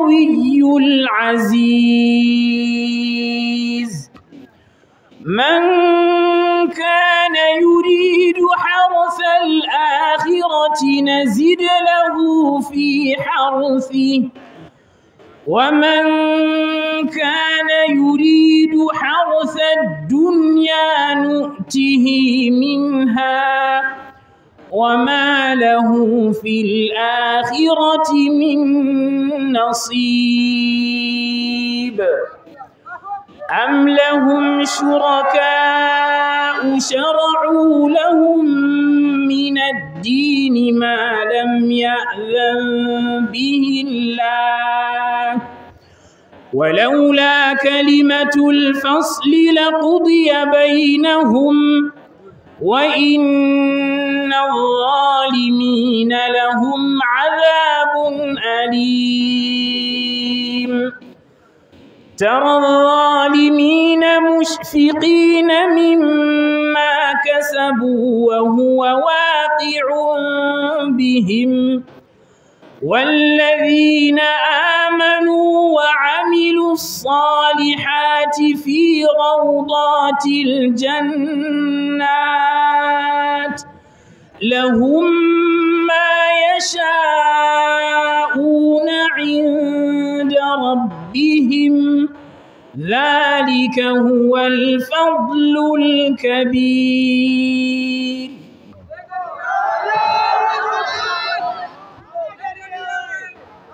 القوي العزيز من كان يريد حرث الآخرة نزد له في حرثه ومن كان يريد حرث الدنيا نؤته منها وما له في الآخرة من نصيب أم لهم شركاء شرعوا لهم من الدين ما لم يأذن به الله ولولا كلمة الفصل لقضي بينهم وإن الظالمين لهم عذاب أليم ترى الظالمين مشفقين مما كسبوا وهو واقع بهم والذين آمنوا آمنوا وعملوا الصالحات في روضات الجنات لهم ما يشاءون عند ربهم ذلك هو الفضل الكبير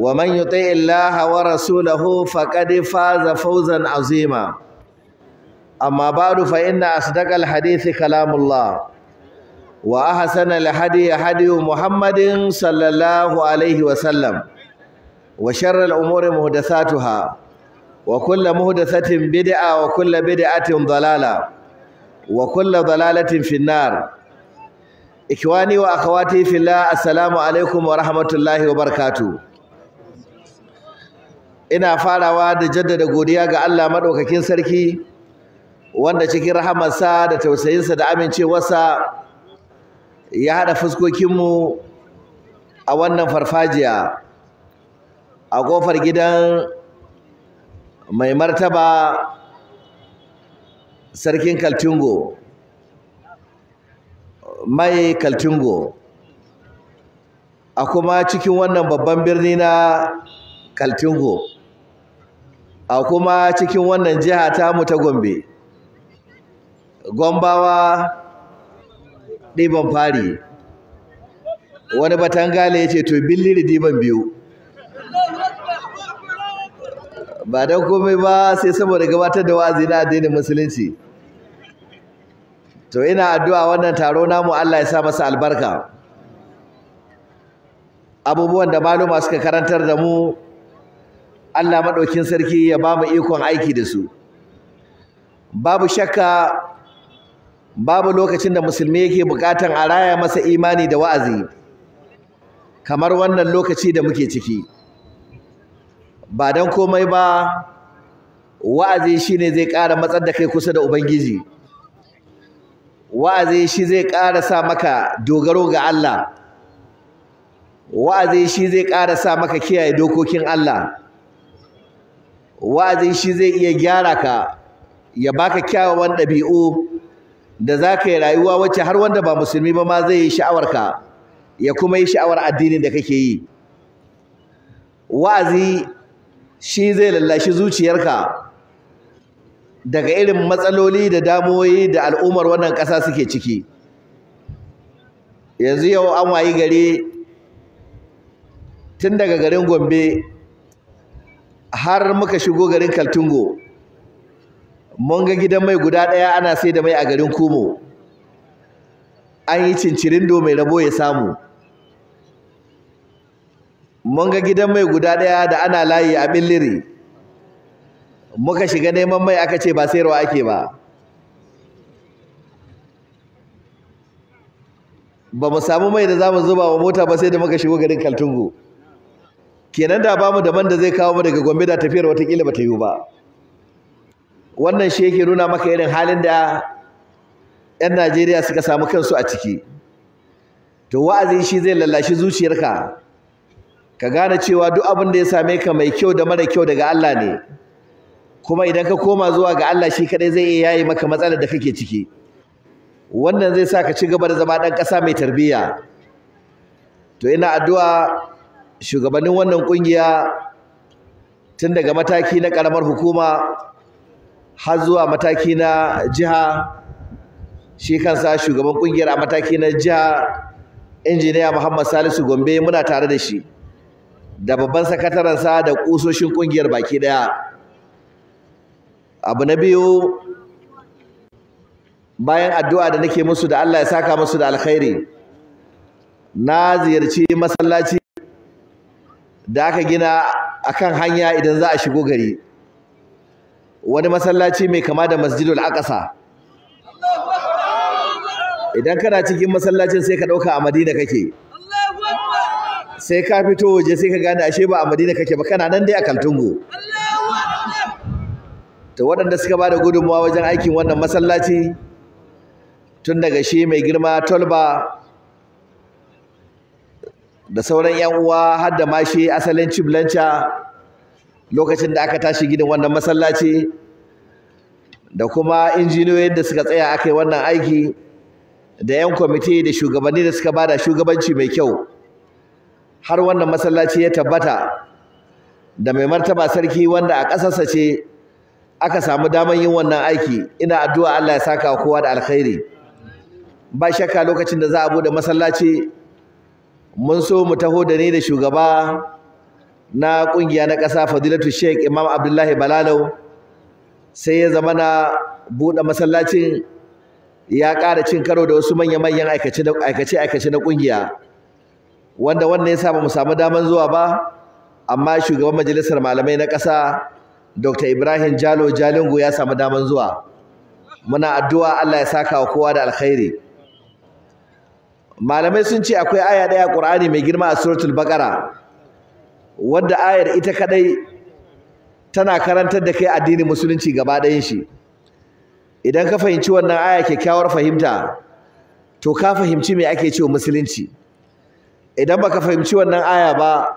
ومن يطع الله ورسوله فقد فاز فوزا عظيما أما بعد فإن أصدق الحديث كلام الله وأحسن الهدي هدي محمد صلى الله عليه وسلم وشر الأمور محدثاتها وكل محدثة بدعة وكل بدعة ضلالة وكل ضلالة في النار إخواني وأخواتي في الله السلام عليكم ورحمة الله وبركاته ina farawa da jaddada godiya ga Allah maɗaukakin sarki wanda cikin rahamarsa da tausayinsa da amincewarsa ya haɗa fuskokinmu a wannan farfajiya a kofar gidan mai martaba sarkin kaltungo mai kaltungo a kuma cikin wannan babban birni na kaltungo a kuma cikin wannan jiha tamu ta Gombe Gombawa ɗiban fari wani batangale ya ce to billiri ɗiban biyu ba don komai ba sai saboda gabatar da wa'azi na addinin musulunci to ina addu'a wannan taro namu Allah ya sa masa albarka abubuwan da maluma suka karantar da mu Allah maɗaukin sarki ya ba mu ikon aiki da su babu shakka babu lokacin da musulmi yake buƙatan a raya masa imani da wa'azi kamar wannan lokaci da muke ciki ba don komai ba wa'azi shine zai ƙara matsar da kai kusa da ubangiji wa'azi shi zai ƙara sa maka dogaro ga Allah wa'azi shi zai ƙara sa maka kiyaye dokokin Allah Wa'azi shi zai iya gyara ka ya baka kyawawan ɗabi'u da za ka yi rayuwa wacce har wanda ba musulmi ba ma zai yi sha'awar ka ya kuma yi sha'awar addinin da kake yi wa'azi shi zai lallashi zuciyarka daga irin matsaloli da damoyi da al'ummar wannan ƙasa suke ciki yanzu yau an wayi gari tun daga garin gombe har muka shigo garin kaltungo mun ga gidan mai guda ɗaya ana sai da mai a garin kumo an yi do mai rabo ya samu mun ga gidan mai guda ɗaya da ana layi a billiri muka shiga neman mai aka ce ba sayarwa ake ba ba mu samu mai da za mu zuba wa mota ba sai da muka shigo garin kaltungo kenan da bamu da man da zai kawo mu daga Gombe da tafiyar wata kila bata yiwu ba wannan shi yake nuna maka irin halin da 'yan Najeriya suka samu kansu a ciki to wa'azi shi zai lallashi zuciyarka ka gane cewa duk abin da ya same ka mai kyau da mara kyau daga Allah ne kuma idan ka koma zuwa ga Allah shi kadai zai iya yayi maka matsalar da kake ciki wannan zai sa ka ci gaba da zama ɗan ƙasa mai tarbiyya to ina addu'a shugabannin wannan kungiya tun daga mataki na karamar hukuma har zuwa mataki na jiha shi kansa shugaban kungiyar a mataki na jiha injiniya Muhammad Salisu Gombe muna tare da shi da babban sakatarensa da kusoshin kungiyar baki daya abu na biyu bayan addu'a da nake musu da Allah ya saka musu da alkhairi na ziyarci masallaci da aka gina akan hanya idan za a shigo gari wani masallaci mai kama da masjidul aqsa idan kana cikin masallacin sai ka dauka a madina kake sai ka fito waje sai ka gane ashe ba a madina kake ba kana nan dai a kaltungo to waɗanda suka bada gudunmawa wajen aikin wannan masallaci tun daga shi mai girma tolba da sauran yan uwa har da mashi asalin ciblanca lokacin da aka tashi gidan wannan masallaci da kuma injiniyoyin da suka tsaya aka yi wannan aiki da yan kwamiti da shugabanni da suka bada shugabanci mai kyau har wannan masallaci ya tabbata da mai martaba sarki wanda a ƙasarsa ce aka samu damar yin wannan aiki ina addu'a Allah ya saka kowa da alkhairi ba shakka lokacin da za a bude masallaci mun so mu taho da ni da shugaba na kungiya na ƙasa fadilatu sheik imam abdullahi balalau sai ya zama na buɗe masallacin ya ƙara cin karo da wasu manya-manyan aikace-aikace na ƙungiya. wanda wannan ya sa ba mu samu daman zuwa ba amma shugaban majalisar malamai na ƙasa dr ibrahim jalo jalingu ya samu damar zuwa muna addu'a allah ya saka wa kowa da alkhairi malamai sun ce akwai aya daya ƙur'ani mai girma a suratul Baqara wadda ayar ita kadai tana karantar da kai addinin musulunci gaba ɗayan shi idan ka fahimci wannan aya kyakkyawar fahimta to ka fahimci me ake cewa musulunci idan baka fahimci wannan aya ba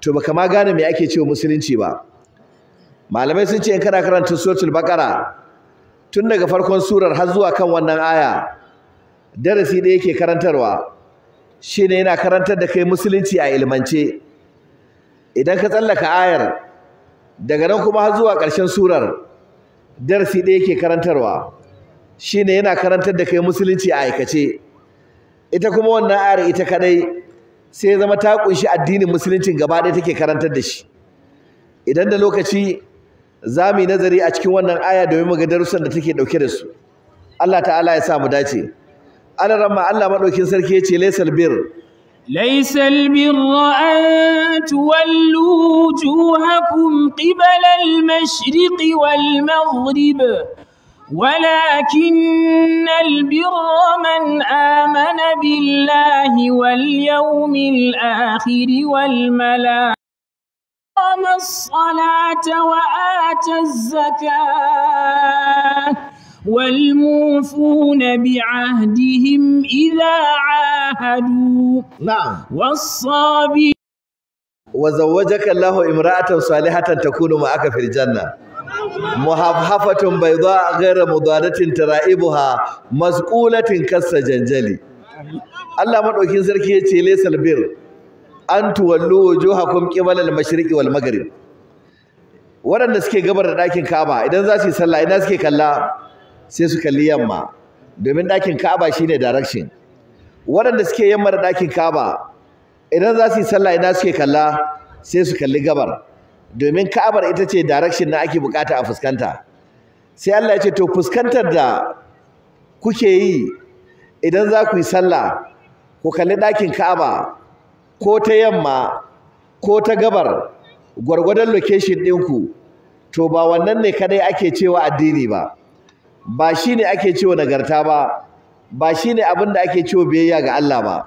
to baka ma gane me ake cewa musulunci ba malamai sun ce in kana karanta suratul Baqara tun daga farkon surar har zuwa kan wannan aya darasi da yake karantarwa shine yana karantar da kai musulunci a ilmance idan ka tsallaka ayar daga nan kuma har zuwa ƙarshen surar darasi da yake karantarwa shine yana karantar da kai musulunci a aikace ita kuma wannan ayar ita kadai sai ya zama ta kunshi addinin musuluncin gaba ɗaya take karantar da shi idan da lokaci za mu yi nazari a cikin wannan aya domin mu ga darussan da take ɗauke da su Allah ta'ala ya sa mu dace أنا رما الله ما دوكين سركي يجي ليس البر ليس البر أن تولوا وجوهكم قبل المشرق والمغرب ولكن البر من آمن بالله واليوم الآخر والملائكة الصلاة وآت الزكاة والموفون بعهدهم إذا عاهدوا نعم والصابرين وزوجك الله امرأة صالحة تكون معك في الجنة مهفهفة بيضاء غير مضادة ترائبها مسؤولة كالسجنجل الله مدوكين سركي يتي ليس البر an tuwallu wujuhakum qibala al-mashriq wal maghrib waɗanda suke gabar da ɗakin Ka'aba idan za su yi sallah ina suke kalla sai su kalli yamma domin ɗakin Ka'aba shine direction waɗanda suke yamma da ɗakin kaba idan za su yi sallah ina suke kalla sai su kalli gabar domin Ka'abar ita ce direction na ake bukata a fuskanta sai Allah ya ce to fuskantar da kuke yi idan za ku yi sallah ku kalli ɗakin Ka'aba ko ta yamma ko ta gabar gwargwadon location ɗinku to ba wannan ne kadai ake cewa addini ba ba shi ne ake cewa nagarta ba ba shi ne abin da ake cewa biyayya ga Allah ba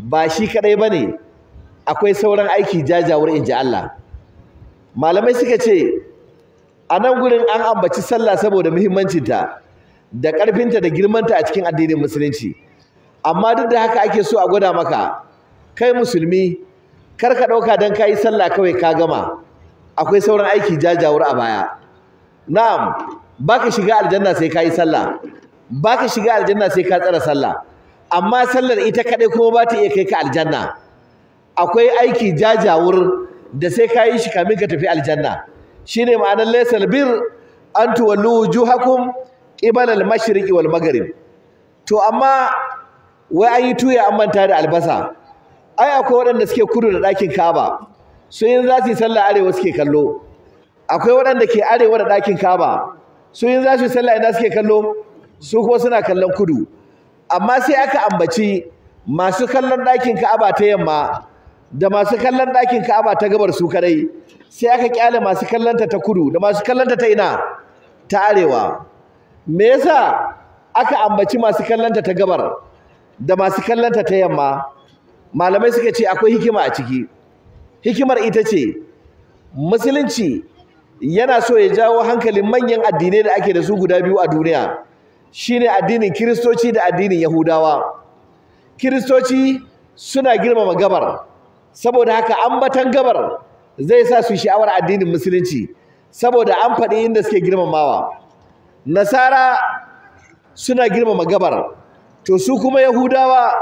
ba shi kadai ba ne akwai sauran aiki jajawar inji Allah malamai suka ce a nan gurin an ambaci sallah saboda muhimmancinta da ƙarfinta da girmanta a cikin addinin musulunci amma duk da haka ake so a gwada maka kai musulmi kar ka ɗauka don ka yi sallah kawai ka gama akwai sauran aiki jajawar a baya na'am baka shiga aljanna sai ka yi sallah baka shiga aljanna sai ka tsara sallah amma sallar ita kadai kuma ba ta iya kai ka aljanna akwai aiki jajawur da sai ka yi shi kamin ka tafi aljanna shine ma'anar laysal bir an tuwallu wujuhakum qibala al-mashriqi wal maghrib to amma wai an yi tuya an manta da albasa ai akwai waɗanda suke kudu da ɗakin kaba su yin za su yi sallah arewa suke kallo akwai waɗanda ke arewa da ɗakin kaba. su yin za su sallah ina suke kallo su kuma suna kallon kudu amma sai aka ambaci masu kallon ɗakin ka'aba ta yamma da masu kallon ɗakin ka'aba ta gabar su kadai sai aka kyale masu kallonta ta kudu da masu kallonta ta ina ta arewa me yasa aka ambaci masu kallonta ta gabar da masu kallonta ta yamma malamai suka ce akwai hikima a ciki hikimar ita ce musulunci yana so ya jawo hankalin manyan addinai da ake da su guda biyu a duniya shine addinin kiristoci da addinin yahudawa kiristoci suna girmama gabar saboda haka ambatan gabar zai sa su sha'awar addinin musulunci saboda an faɗi inda suke girmamawa nasara suna girmama gabar to su kuma yahudawa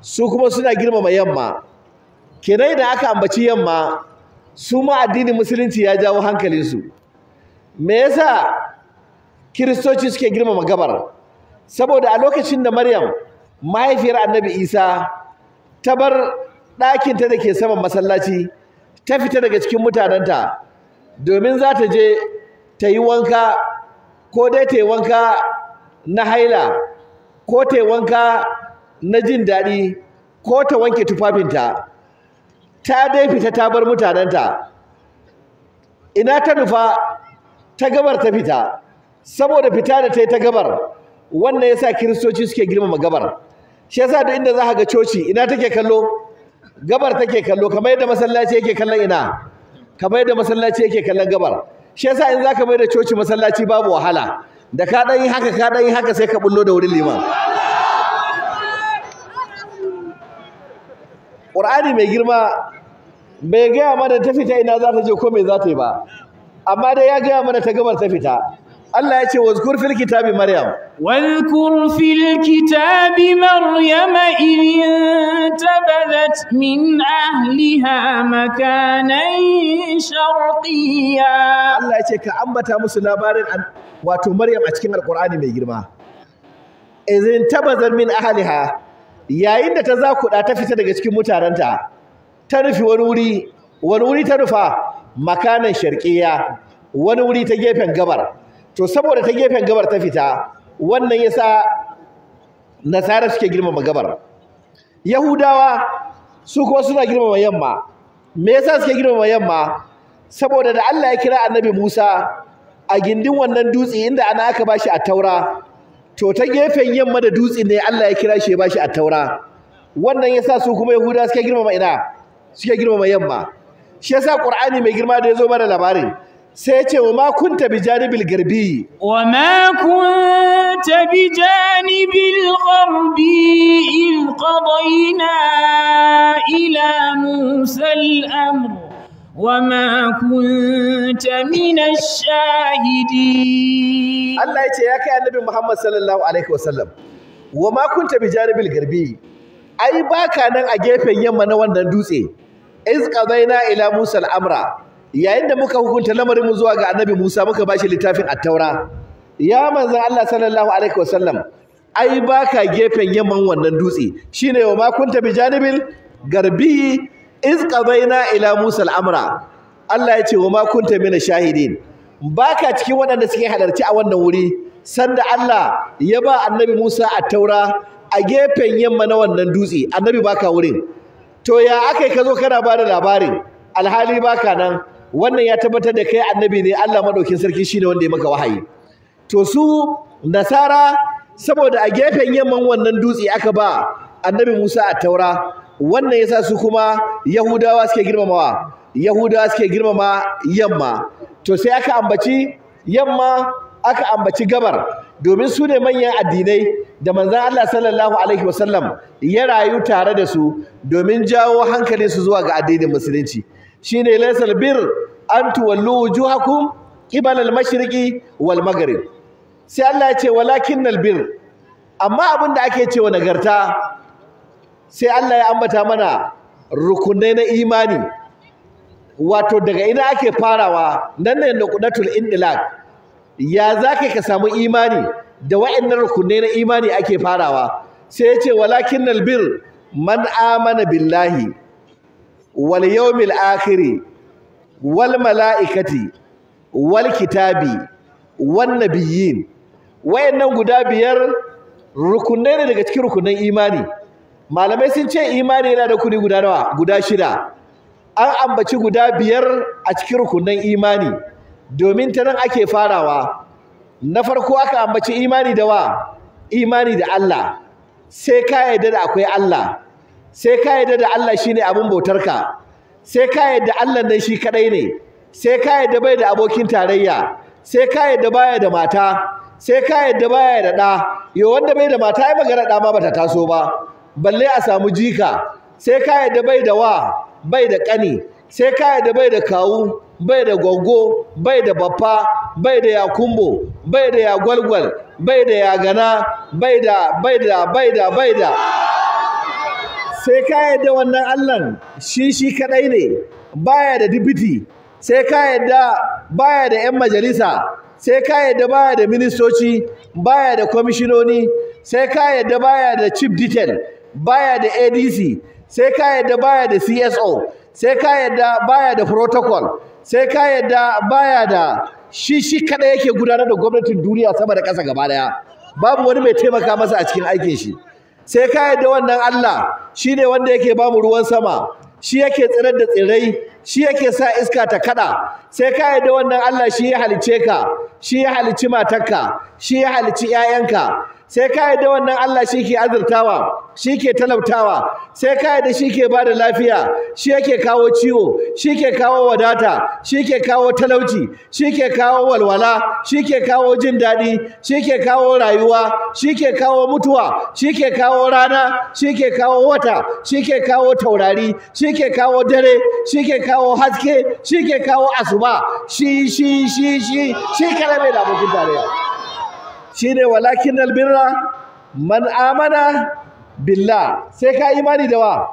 su kuma suna girmama yamma kenan da aka ambaci yamma su ma addinin musulunci ya jawo hankalinsu me yasa kiristoci suke girmama gabar saboda a lokacin da maryam mahaifiyar annabi isa ta bar ɗakinta da ke saman masallaci ta fita daga cikin mutanenta domin za ta je ta yi wanka ko dai ta yi wanka na haila ko ta yi wanka na jin daɗi ko ta wanke tufafinta ta dai fita ta bar mutanenta ina ta nufa ta gabar ta fita saboda fita da ta yi ta gabar wannan ya sa kiristoci suke girmama gabar shi sa da inda za ka ga coci ina take kallo gabar take kallo kamar yadda masallaci yake kallon ina kamar yadda masallaci yake kallon gabar shi sa in za ka mai da coci masallaci babu wahala da ka ɗan yi haka ka yi haka sai ka bullo da wurin liman ƙur'ani mai girma bai gaya mana ta fita ina za ta je ko mai za ta yi ba amma dai ya gaya mana ta gabar ta fita Allah ya ce wazkur fil kitabi maryam wazkur fil kitabi maryam in tabadat min ahliha makanan sharqiyya Allah ya ce ka ambata musu labarin wato maryam a cikin alqur'ani mai girma izin tabazan min ahliha yayin da ta kuɗa ta fita daga cikin mutanenta ta nufi wani wuri wani wuri ta nufa makanan sharqiya wani wuri ta gefen gabar to saboda ta gefen gabar ta fita wannan yasa nasara suke girmama gabar yahudawa su kuma suna girmama yamma me yasa suke girmama yamma saboda da Allah ya kira annabi Musa a gindin wannan dutse inda ana aka bashi a taura to ta gefen yamma da dutse ne Allah ya kira shi ya bashi a taura wannan sa su kuma yahuda suke girmama ina suke girmama yamma shi yasa ƙur'ani mai girma da zo mana labarin sai ya ce wa ma kunta bi janibil garbi wa ma kunta bi janibil gharbi in qadayna ila musa al-amr وما كنت mina الشاهدين Allah ya ce ya kai annabi صلى sallallahu alaihi وسلم وما كنت bi الغربي اي ai baka nan a gefen yamma na wannan dutse قضينا الى ila Musa al-amra yayin da muka hukunta lamarin mu zuwa ga annabi Musa muka bashi littafin at-taura ya manzon Allah sallallahu alaihi wasallam ai baka gefen yamman wannan dutse shine wa bi garbi Iska baina ila musa al'amra Allah ya ce wa ma kunta mina shahidin baka cikin waɗanda suke halarci a wannan wuri sanda Allah ya ba annabi Musa a taura a gefen yamma na wannan dutse annabi baka wurin to ya akai ka zo kana bada labarin alhali baka nan wannan ya tabbatar da kai annabi ne Allah madaukin sarki shine wanda ya maka wahayi to su nasara saboda a gefen yamman wannan dutse aka ba annabi Musa a taura wannan yasa su kuma yahudawa suke girmamawa yahudawa suke girmama yamma to sai aka ambaci yamma aka ambaci gabar domin su ne manyan addinai da manzan Allah sallallahu alaihi wasallam ya rayu tare da su domin jawo hankalin su zuwa ga addinin musulunci shine laysal bir an tuwallu wujuhakum qibala al-mashriqi wal maghrib sai Allah ya ce walakinnal bir amma abin da ake cewa nagarta sai Allah ya ambata mana rukunai na imani wato daga ina ake farawa nan ne na kudatul indilak ya zaka ka samu imani da wa'annan rukunai na imani ake farawa sai ya ce walakin bir man amana billahi wal yawmil akhir wal malaikati wal kitabi wan nabiyyin wayannan guda biyar rukunai ne daga cikin rukunan imani malamai sun ce imani yana da kuɗi guda nawa guda shida an ambaci guda biyar a cikin rukunan imani domin ta nan ake farawa na farko aka ambaci imani da wa imani da Allah sai ka yarda da akwai Allah sai ka yarda da Allah shine abin bautarka sai ka yarda Allah nan shi kadai ne sai ka yarda bai da abokin tarayya sai ka yarda baya da mata sai ka yarda baya da da yo wanda bai da mata ai magana da ma bata taso ba balle a samu jika sai ka yadda bai da wa bai da ƙani sai ka yadda bai da kawu bai da gwaggo bai da baffa bai da yakumbo bai da ya gwalgwal bai da ya gana bai da bai da bai da bai da sai ka yadda wannan allan shi shi kadai ne baya da dibiti sai ka yadda baya da yan majalisa sai ka yadda baya da ministoci baya da kwamishinoni sai ka yadda baya da chief detail baya da adc sai ka yadda baya da cso sai ka yadda baya da protocol sai ka yadda baya da shi shi kada yake gudanar da gwamnatin duniya sama da ƙasa gaba daya babu wani mai taimaka masa a cikin aikin shi sai ka yadda wannan Allah shi ne wanda yake bamu ruwan sama shi yake tsirar da tsirai shi yake sa iska ta kada sai ka yadda wannan Allah shi ya halice ka shi ya halici matarka shi ya halici 'ya'yanka sai ka yi da wannan Allah shi ke azurtawa shi ke talautawa sai ka yi da shi ke bada lafiya shi yake kawo ciwo shi ke kawo wadata shi ke kawo talauci shi ke kawo walwala shi ke kawo jin daɗi shi ke kawo rayuwa shi ke kawo mutuwa shi ke kawo rana shi ke kawo wata shi ke kawo taurari shi ke kawo dare shi ke kawo haske shi ke kawo asuba shi shi shi shi shi kala mai da abokin tarayya Shi shine walakin albirra man amana billah sai ka imani da wa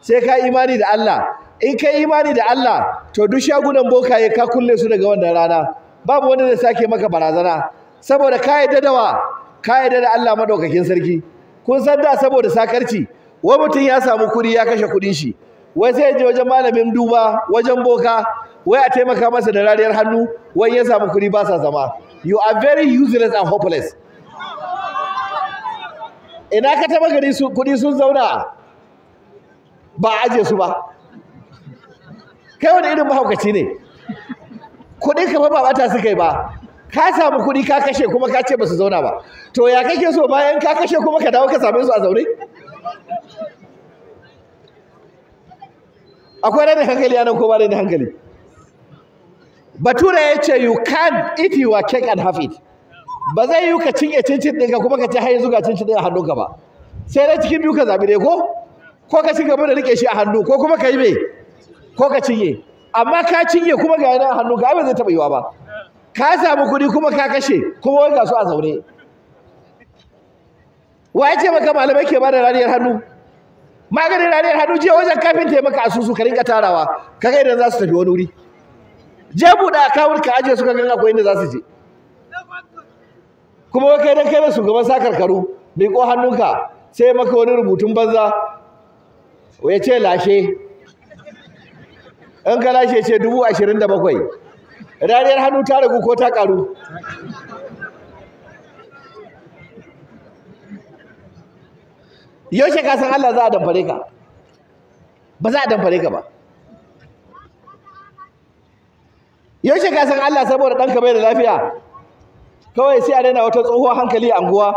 sai ka imani da Allah in ka imani da Allah to duk shagunan bokaye ka kulle su daga wannan rana babu wanda zai sake maka barazana saboda ka yadda da wa ka yadda da Allah madaukakin sarki kun san da saboda sakarci wai mutum ya samu kuɗi ya kashe kuɗin shi wai sai ya je wajen malamin duba wajen boka wai a taimaka masa da rariyar hannu wai ya samu kuɗi ba sa zama you are very useless and hopeless ina ka taba gari su kudi sun zauna ba aje su ba kai wani irin mahaukaci ne kudin ka ba bata suka yi ba ka samu kudi ka kashe kuma ka ce ba su zauna ba to ya kake so bayan ka kashe kuma ka dawo ka same su a zaune akwai ranar hankali yanan ko ba hankali bature ya ce you can if you are cake and have it ba zai yi ka cinye cincin ɗinka kuma ka ce har yanzu ga cincin ɗin a hannunka ba sai dai cikin biyu ka zaɓi ne ko ko ka ci gaba da riƙe shi a hannu ko kuma ka yi me ko ka cinye amma ka cinye kuma ga yana a hannu ka abin zai taɓa yiwa ba ka samu kuɗi kuma ka kashe kuma wai ga su a zaune wa ya ce maka malamai ke bada raniyar hannu maganin raniyar hannu jiya wajen kafin taimaka asusu ka rinka tarawa ga idan za su tafi wani wuri je buɗe kawar ka ajiye su ka akwai inda za su je kuma wai kai dan kai ne shugaban sa karkaru mai ko hannunka sai maka wani rubutun banza ya ce lashe in ka lashe ce dubu ashirin da bakwai rariyar hannu ta ragu ko ta karu yaushe ka san Allah za a damfare ka ba za a damfare ka ba yaushe ka san Allah saboda ɗanka bai da lafiya kawai sai a daina wata tsohuwa hankali a anguwa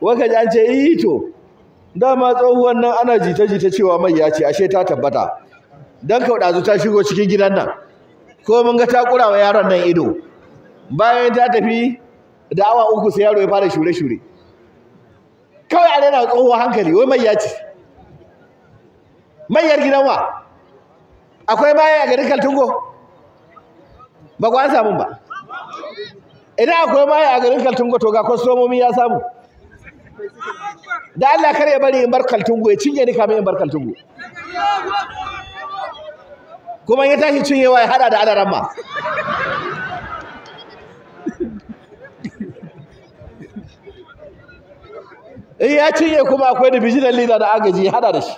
wai ka ji an ce yi to dama tsohuwan nan ana jita-jita cewa mai ya ce ashe ta tabbata dan kauɗazu ta shigo cikin gidan nan ko mun ga ta kura wa yaron nan ido bayan ta tafi da awa uku sai yaro ya fara shure-shure kawai a daina tsohuwa hankali wai mai ya ce mayar gidan wa akwai bayan a garin kaltungo ba ku an samu ba idan akwai maya a garin kaltungo to ga kwastomomi ya samu da Allah kar ya bari in bar kaltungo ya cinye ni kamin in bar kaltungo kuma ya tashi cinyewa ya hada da adaran ma in ya cinye kuma akwai da divisional leader da agaji ya hada da shi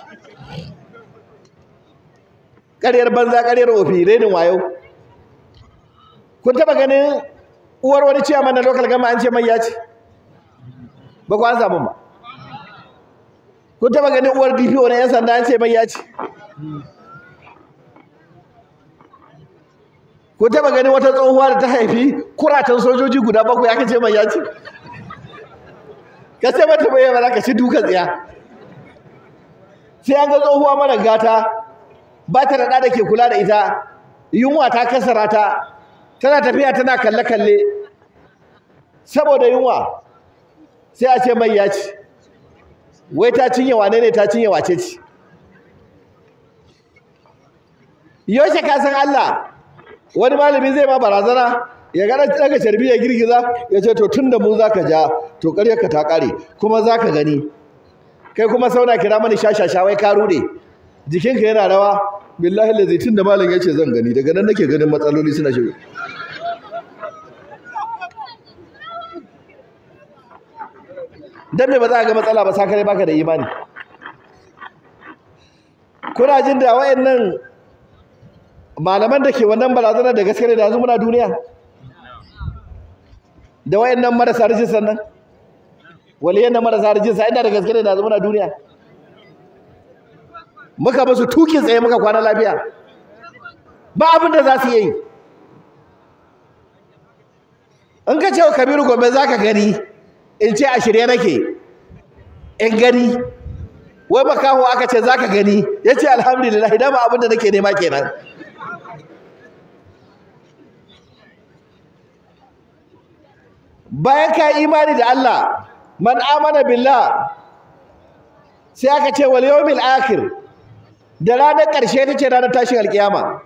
ƙaryar banza ƙaryar ofi renin wayo kun taba ganin uwar wani ciyaman na local gama an ce mai ya ce ba ku an samu ba kun taba ganin uwar DPO na yan sanda an ce mai ya ce kun taba ganin wata tsohuwa da ta haifi kuratan sojoji guda bakwai aka ce mai ya ce ka sai mata bai ba ka ci dukan tsiya sai an ga tsohuwa mara gata ba ta da da ke kula da ita yunwa ta kasara ta tana tafiya tana kalle kalle saboda yunwa sai a ce mai ya ci wai ta cinye wane ne ta cinye wace ci yaushe ka san Allah wani malami zai ma barazana ya gana daga sharbi ya girgiza ya ce to tun da mu za ka ja to ƙaryarka ta kare kuma za ka gani kai kuma sauna kira mani shashasha wai ka rude jikinka yana rawa billahi lazi tun da malam ya ce zan gani daga nan nake ganin matsaloli suna shigo dan me ba za ka ga matsala ba sakare baka da imani kuna jin da wayannan malaman da ke wannan barazanar da gaskiya da yanzu muna duniya da wayannan marasa rijin sannan waliyan nan marasa rijin sa inda da gaskiya da yanzu muna duniya muka musu tukin tsaye muka kwana lafiya ba abin da za su yi in ka ce wa kabiru gobe za ka gani in ce a shirye nake in gani wai makahu aka ce za ka gani Ya ce alhamdulillah idan abin da nake nema kenan bayan ka imani da Allah man amana billah sai aka ce wal yawmil akhir da ranar ƙarshe ta ce ranar tashin alkiyama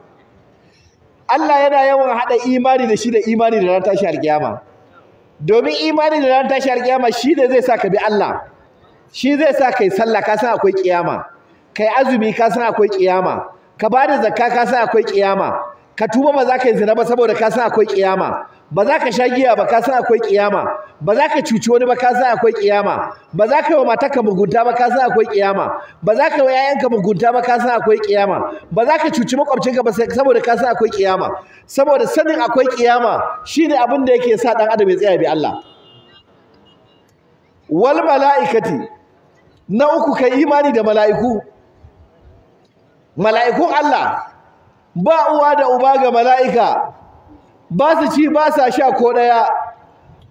Allah yana yawan haɗa imani da shi da imani da ranar tashin alkiyama domin imani da ran tashi alƙiyama shi ne zai sa ka bi Allah shi zai sa kai sallah ka san akwai kiyama kai azumi ka san akwai kiyama ka bada zakka ka san akwai kiyama ka tuba ba za ka yi zina ba saboda ka san akwai kiyama ba za ka sha giya ba ka san akwai kiyama ba za ka cuci wani ba ka san akwai kiyama ba za ka yi wa matarka mugunta ba ka san akwai kiyama ba za ka yi wa ka mugunta ba ka san akwai kiyama ba za ka cuci makwabcinka ba saboda ka san akwai kiyama saboda sanin akwai kiyama shine abin da yake sa dan adam ya tsaya bi Allah wal malaikati na uku kai imani da mala'iku mala'ikun Allah ba uwa da uba ga mala'ika ba su ci ba sa sha ko daya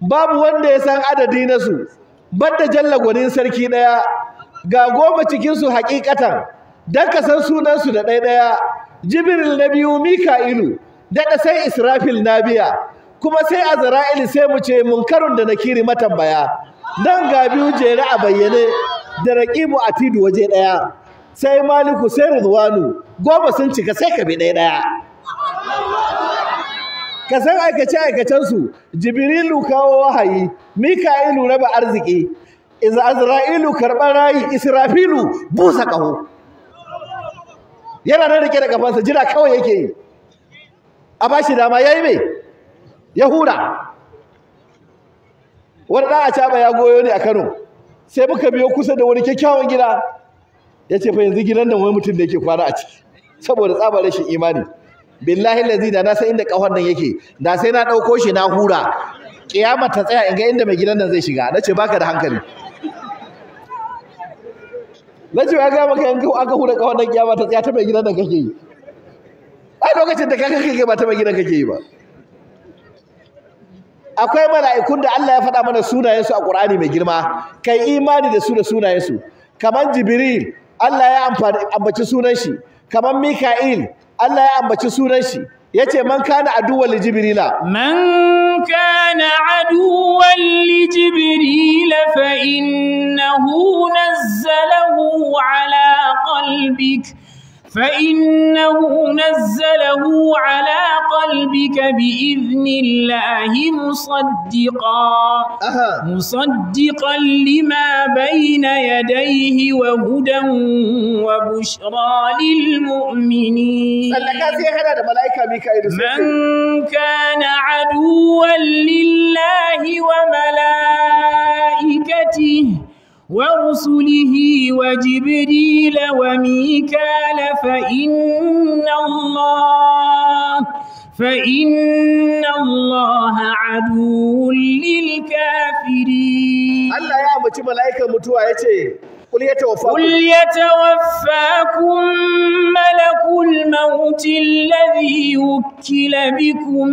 babu wanda ya san adadi na su banda jalla gwanin sarki ɗaya? ga goma cikin su hakikatan dan ka san sunan su da ɗaya ɗaya jibril na biyu mika'ilu daɗa sai israfil na biya kuma sai azra'il sai mu ce munkarun da nakiri matambaya dan ga biyu jere a bayyane da raqibu atidu waje ɗaya sai maliku sai ridwanu goma sun cika sai ka bi ɗaya ɗaya ka san aikace-aikacensu jibrilu kawo wahayi mika'ilu raba arziki azra'ilu karɓar rayi israfilu busa ƙaho yana nan rike da kafansa jira kawai yake yi a ba shi dama ya yi mai ya hura wani ɗan acaba ya goyo ne a kano sai muka biyo kusa da wani kyakkyawan gida Yace ce fa yanzu gidan nan wani mutum da yake kwana a ciki saboda tsabar rashin imani billahi lazi da na san inda kafar nan yake da sai na dauko shi na hura kiyama ta tsaya in ga inda mai gidan nan zai shiga nace baka da hankali nace ba ga maka yanzu aka hura kafar nan kiyama ta tsaya ta mai gidan nan kake yi ai lokacin da kaka kake ba ta mai gidan kake yi ba akwai mala'ikun da Allah ya faɗa mana su a Qur'ani mai girma kai imani da su da su kamar Jibril Allah ya ambaci sunan shi kamar Mika'il Allah ya ambaci sunan shi yace man kana aduwwal jibrila man kana aduwwal jibrila fa innahu nazzalahu ala qalbika فإنه نزله على قلبك بإذن الله مصدقا مصدقا لما بين يديه وهدى وبشرى للمؤمنين من كان عدوا لله وملائكته ورسله وجبريل وميكال فإن الله فإن الله عدو للكافرين الله يا متي ملائكة متوى قل قل يتوفاكم ملك الموت الذي وكل بكم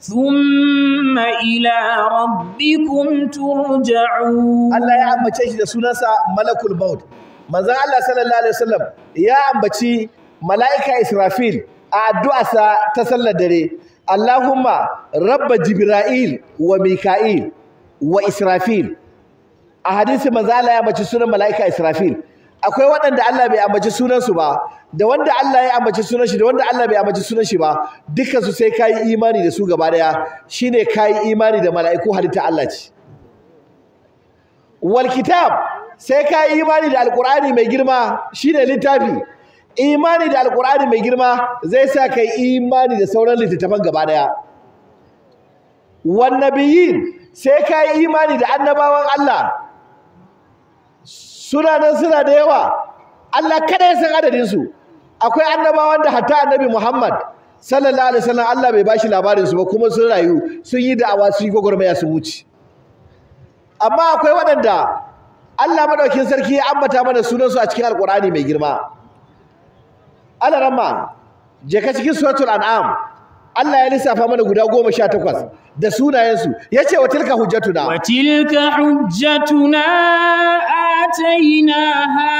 ثم إلى ربكم ترجعون Allah ya ambace shi da sunansa malakul maut manzon Allah sallallahu alaihi wasallam ya ambaci malaika Israfil a addu'arsa ta sallar dare Allahumma rabba Jibril wa Mika'il wa Israfil a hadisi manzon Allah ya ambaci sunan malaika Israfil akwai waɗanda Allah bai ambaci sunansu ba da wanda Allah ya ambaci sunan shi da wanda Allah bai ambaci sunan shi ba dukkan su sai kayi imani da su gaba daya shine kayi imani da mala'iku halitta Allah ce wal kitab sai kayi imani da alqur'ani mai girma shine littafi imani da alqur'ani mai girma zai sa kai imani da sauran littattafan gaba daya wan nabiyyin sai kayi imani da annabawan Allah suna nan suna da yawa Allah kada ya san adadin su akwai annabawan da hatta annabi Muhammad sallallahu alaihi wasallam Allah bai bashi labarin su ba kuma sun rayu sun yi da'awa sun yi gwagwarmaya su wuce amma akwai waɗanda Allah madaukin sarki ya ambata mana sunan su a cikin alqur'ani mai girma Allah ramma je ka cikin suratul an'am Allah ya lissafa mana guda goma sha takwas da sunayensu ya ce wa tilka hujjatuna wa tilka hujjatuna atainaha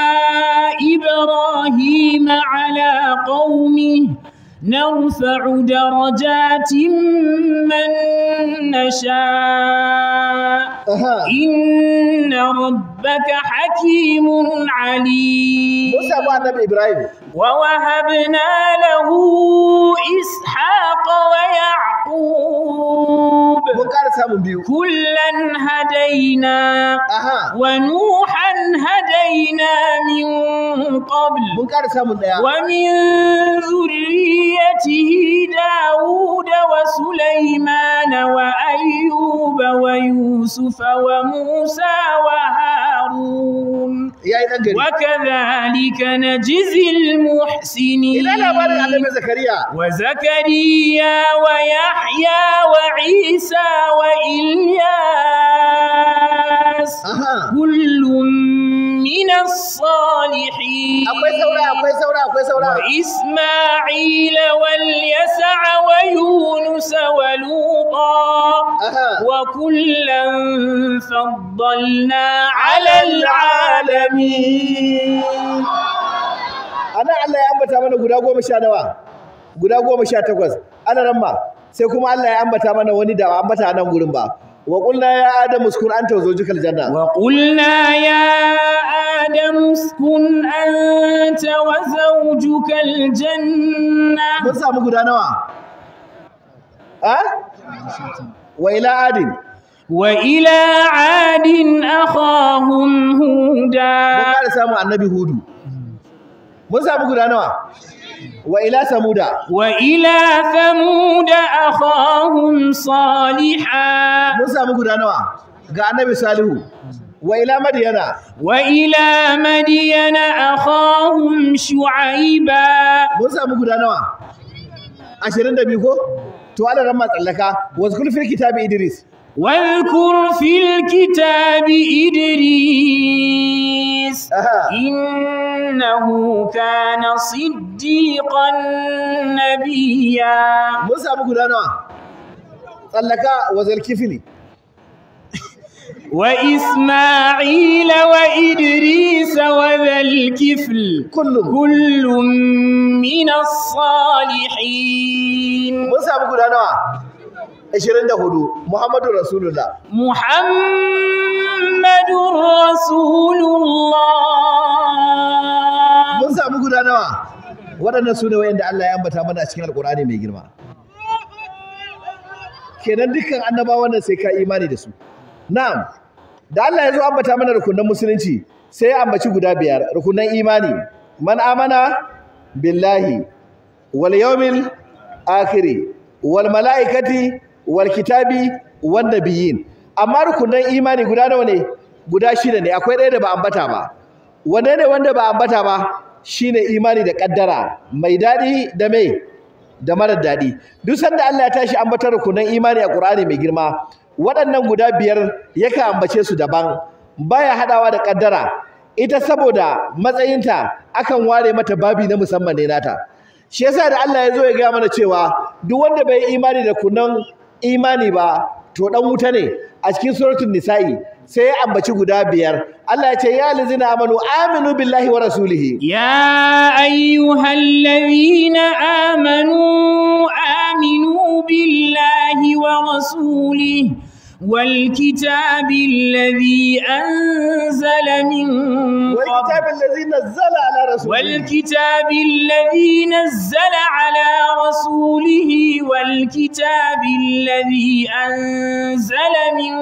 ibrahim ala qaumi نرفع درجات من نشاء إن ربك حكيم عليم موسى أبو النبي إبراهيم ووهبنا له إسحاق ويعقوب كلا هدينا ونوحا هدينا من قبل ومن ذريته داود وسليمان وأيوب ويوسف وموسى وهارون وكذلك نجزي المؤمنين المحسنين وزكريا ويحيى وعيسى وإلياس كل من الصالحين وإسماعيل واليسع ويونس ولوطا وكلا فضلنا على العالمين ana Allah ya ambata mana guda goma sha nawa guda goma sha takwas ana ramma, sai kuma Allah ya ambata mana wani da ambata a nan gurin ba wa qulna ya adam uskun anta wa kal janna wa qulna ya adam uskun anta wa kal janna mun samu guda nawa ha wa ila adin wa ila adin akhahum huda mun ka samu annabi hudu mun sami guda nawa wa ila samuda wa ila samuda akhahum saliha mun sami guda nawa ga annabi salihu wa ila madiyana wa ila madiyana akhahum shu'aiba mun samu guda nawa biyu ko to alaran matsallaka wa zikr fil kitabi idris واذكر في الكتاب إدريس إنه كان صديقا نبيا موسى أبو قال لك وزير كفلي وإسماعيل وإدريس وذا الكفل كل كل من الصالحين موسى أبو قدانا 24 Muhammadu Rasulullah Muhammadu Rasulullah Mun samu guda nawa waɗannan su ne wayanda Allah ya ambata mana a cikin Alƙur'ani mai girma kenan dukkan annabawan nan sai ka imani da su na'am da Allah ya zo ambata mana rukunan musulunci sai ya ambaci guda biyar rukunan imani man amana billahi wal yawmil akiri wal mala'ikati wal kitabi wan nabiyyin amma rukunan imani guda nawa ne guda shida ne akwai ɗaya da ba ambata ba wanne ne wanda ba ambata ba shine imani da kaddara mai daɗi da mai da mara daɗi duk sanda Allah ya tashi ambatar rukunan imani a Qur'ani mai girma waɗannan guda biyar yaka ambace su daban baya hadawa da kaddara ita saboda matsayinta akan ware mata babi na musamman ne nata shi yasa da Allah ya zo ya gaya mana cewa duk wanda bai imani da kunan imani ba to dan wuta ne a cikin suratul nisa'i sai ya ambaci guda biyar Allah ya ce ya allazina amanu aminu billahi wa rasulihi ya ayyuhallazina amanu aminu billahi wa rasulihi والكتاب الذي أنزل من قبل والكتاب الذي نزل على رسوله والكتاب الذي نزل على رسوله والكتاب الذي أنزل من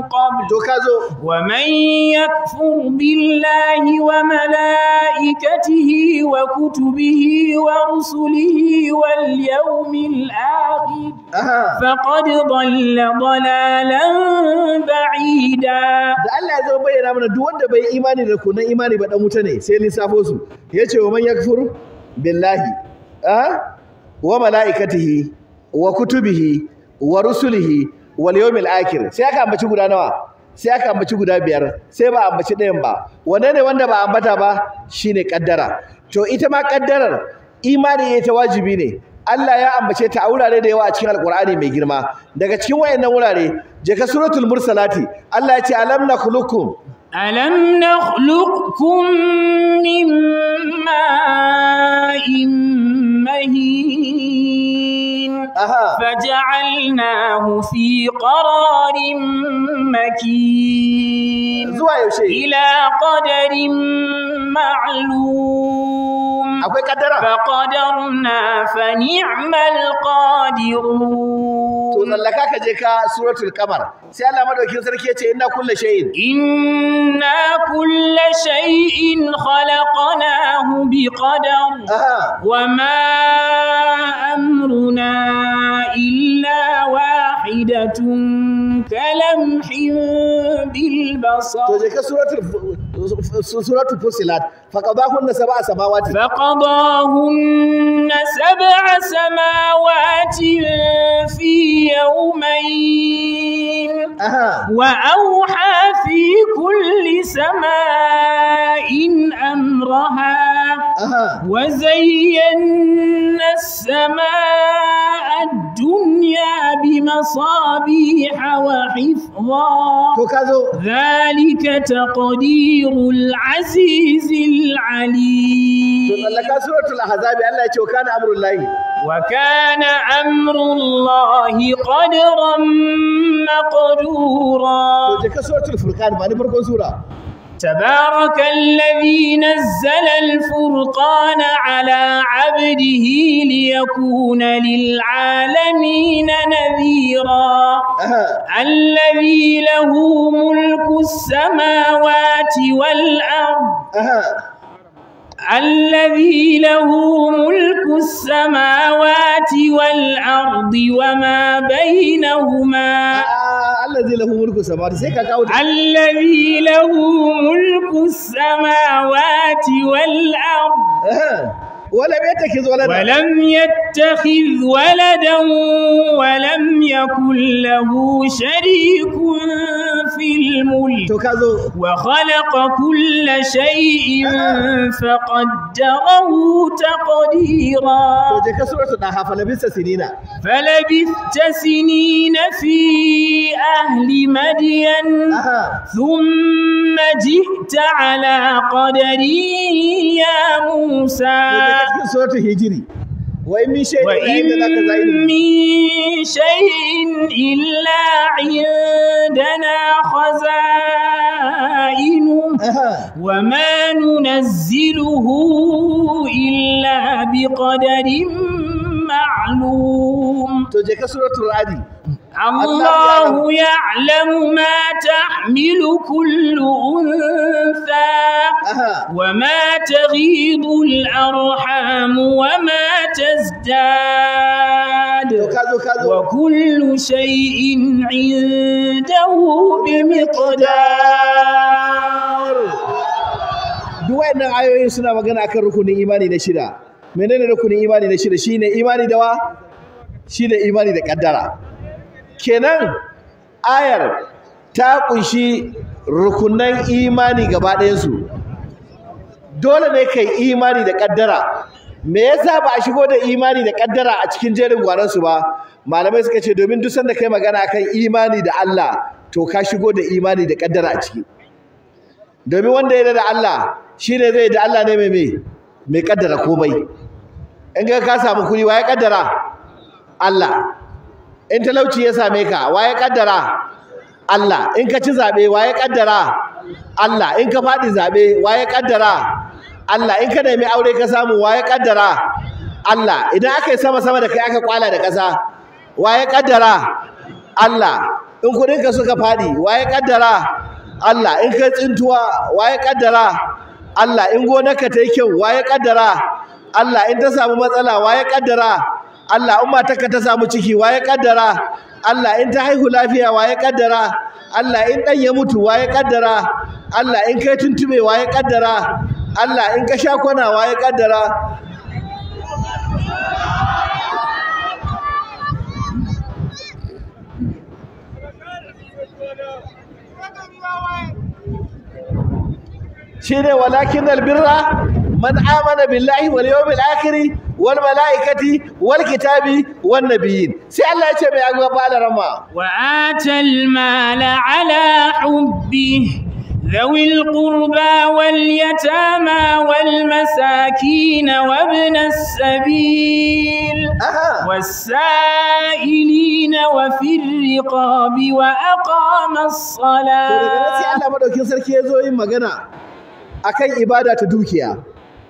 قبل ومن يكفر بالله وملائكته وكتبه ورسله واليوم الآخر فقد ضل ضلالا ضلالا بعيدا da Allah ya zama bayyana mana duk wanda bai imani da kunan imani ba dan wuta ne sai lissafo su ce wa man yakfur billahi wa malaikatihi wa kutubihi wa rusulihi wal yawmil akhir sai aka ambaci guda nawa sai aka ambaci guda biyar sai ba ambaci ɗayan ba wanne ne wanda ba ambata ba shine kaddara to ita ma kaddarar imani ita wajibi ne Allah ya ambace ta a wurare da yawa a cikin Alƙur'ani mai girma daga cikin wayannan wurare jaka suratul mursalati Allah ya ce alam nakhluqukum alam nakhluqukum min ma'in mahin فجعلناه في قرار مكين إلى قدر معلوم فقدرنا فنعم القادرون to tsallaka ka je ka suratul kamar sai Allah madaukakin sarki ya ce inna kullu shay'in inna kullu shay'in khalaqnahu biqadar wa ma amruna إلا واحدة كلمح بالبصر تجيك سورة سورة الفصلات فقضاهن سبع سماوات فقضاهن سبع سماوات في يومين أها. وأوحى في كل سماء أمرها أها. وزينا السماء الدنيا بمصابيح و وحفظا ذلك تقدير العزيز العليم سورة الأحزاب الله وكان أمر الله وكان أمر الله قدرا مقدورا سورة الفرقان ما نفرق سورة تبارك الذي نزل الفرقان على عبده ليكون للعالمين نذيرا الذي له ملك السماوات والأرض الذي له ملك السماوات والأرض وما بينهما آه. allazi lahu mulku samawati sai ka kawo allazi lahu mulku samawati ولم يتخذ ولدا ولم يتخذ ولدا ولم يكن له شريك في الملك وخلق كل شيء فقدره تقديرا فلبثت سنين فلبثت سنين في أهل مدين ثم جئت على قدري يا موسى faɗa cikin suratul hijiri wai min shay'in da zaka zai min shay'in illa indana khaza'inu wa ma nunazziluhu illa biqadarin ma'lum to je ka suratul adi الله يعلم ما تحمل كل أنثى وما تغيض الأرحام وما تزداد وكل شيء عنده بمقدار duwayen nan ayoyin suna magana akan rukunin imani na shida menene rukunin imani na shida shine imani da wa da kaddara kenan ayar ta kunshi rukunan imani gaba ɗayansu dole ne kai imani da kaddara me yasa ba a shigo da imani da ƙaddara a cikin jerin gwanan su ba malamai suka ce domin duk sanda kai magana kan imani da Allah to ka shigo da imani da kaddara a ciki domin wanda ya da Allah shine zai da Allah ne mai me mai kaddara komai in ga ka samu kuɗi wa ya kaddara Allah in talauci ya same ka wa ya kaddara Allah in ka ci zabe wa ya kaddara Allah in ka fadi zabe wa ya kaddara Allah in ka nemi aure ka samu wa ya kaddara Allah idan aka yi sama sama da kai aka kwala da ƙasa wa ya kaddara Allah in kudin ka suka fadi wa ya kaddara Allah in ka tsintuwa wa ya kaddara Allah in ka ta yi kyau wa ya kaddara Allah in ta samu matsala wa ya kaddara Allah umma taka ta samu ciki wa ya kaddara Allah in ta haihu lafiya wa ya kaddara Allah in dan ya mutu wa ya kaddara Allah in kai tuntube wa ya kaddara Allah in ka sha kwana wa ya kaddara shi ne walakin albirra man amana billahi wal yawmil akhir wal malaikati wal kitabi wan nabiyyin sai Allah ya ce mai agaba da rama wa atal mala ala hubbi ذوي القربى واليتامى والمساكين وابن السبيل والسائلين وفي الرقاب وأقام الصلاة. Allah madaukin sarki ya zo yin magana akan ibada ta dukiya.